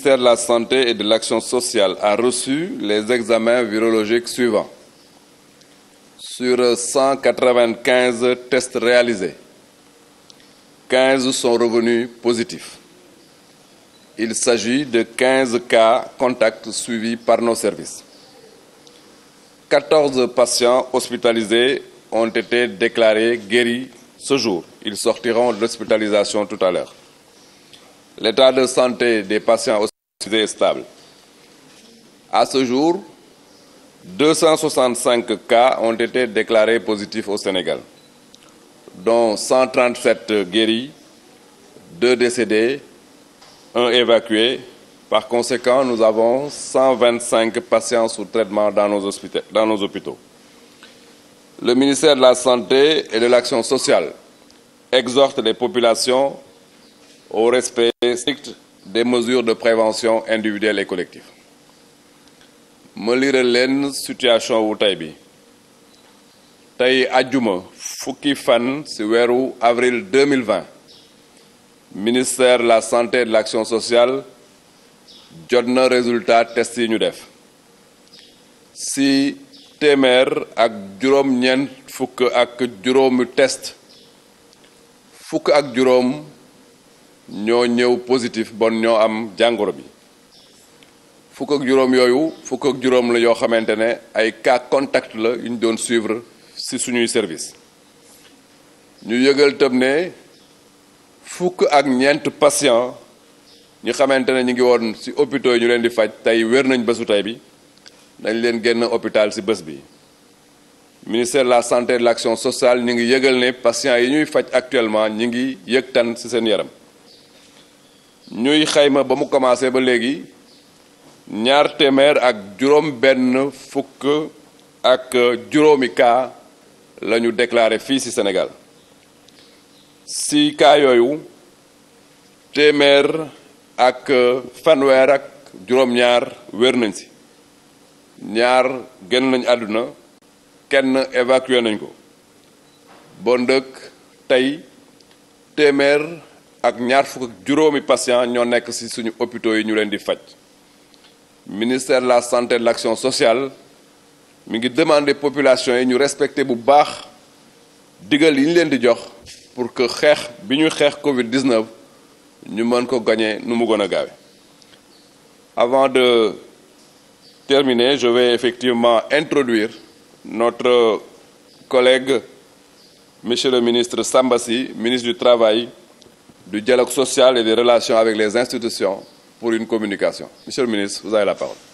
ministère de la Santé et de l'Action sociale a reçu les examens virologiques suivants. Sur 195 tests réalisés, 15 sont revenus positifs. Il s'agit de 15 cas contacts suivis par nos services. 14 patients hospitalisés ont été déclarés guéris ce jour. Ils sortiront de l'hospitalisation tout à l'heure. L'état de santé des patients hospitalisés stable. À ce jour, 265 cas ont été déclarés positifs au Sénégal, dont 137 guéris, 2 décédés, 1 évacué. Par conséquent, nous avons 125 patients sous traitement dans nos, dans nos hôpitaux. Le ministère de la Santé et de l'Action sociale exhorte les populations au respect strict des mesures de prévention individuelles et collective ma lire la situation wu tey bi tey ajjuma fukki fan ci avril 2020 ministère de la santé et de l'action sociale Jodna résultat test yi ñu def ci téeméer ak juróom-ñeent fukk ak test fukk ak juróom ñoo ñëw positif bon ñoo am jàngoro bi fukk ak juróom yooyu fukk ak juróom la yoo xamante ne ay cas contact la yu ñu doon suivre ci suñuy service ñu yëgal tam ne fukk ak ñeent patient ñu xamante ne ñu ngi woon ci hôpitaux ñu leen di faj tey wér nañ bésu tey bi dañ leen génn hôpital ci bés bi ministère de la santé et de l'action sociale ñu ngi yëgal ne patients yi ñuy faj actuellement ñi ngi yëg tan ci seen yaram ñuy xayma ba mu commencé ba léegi ñaar téeméer ak juróom benn fukk ak juróomi cas lañu ñu fii ci senegal ci kaa yooyu téeméer ak fanweer ak juróom-ñaar wér nañ ci ñaar génn nañ àdduna kenn évacué nañ ko bon dëkk tey téeméer ak ñaar fukk ak juróomi patient ñoo nekk ci suñu hôpitaux yi ñu leen di ministère de la santé et de l'action sociale mi ngi demander population yi ñu respecter bu baax digal yi ñu leen di jox pour que xeex bi de Covid-19 ñu mën ko gagner nu mu avant de terminer je vais effectivement introduire notre collègue monsieur le ministre Sambassi, ministre du Travail du dialogue social et des relations avec les institutions pour une communication. Monsieur le ministre, vous avez la parole.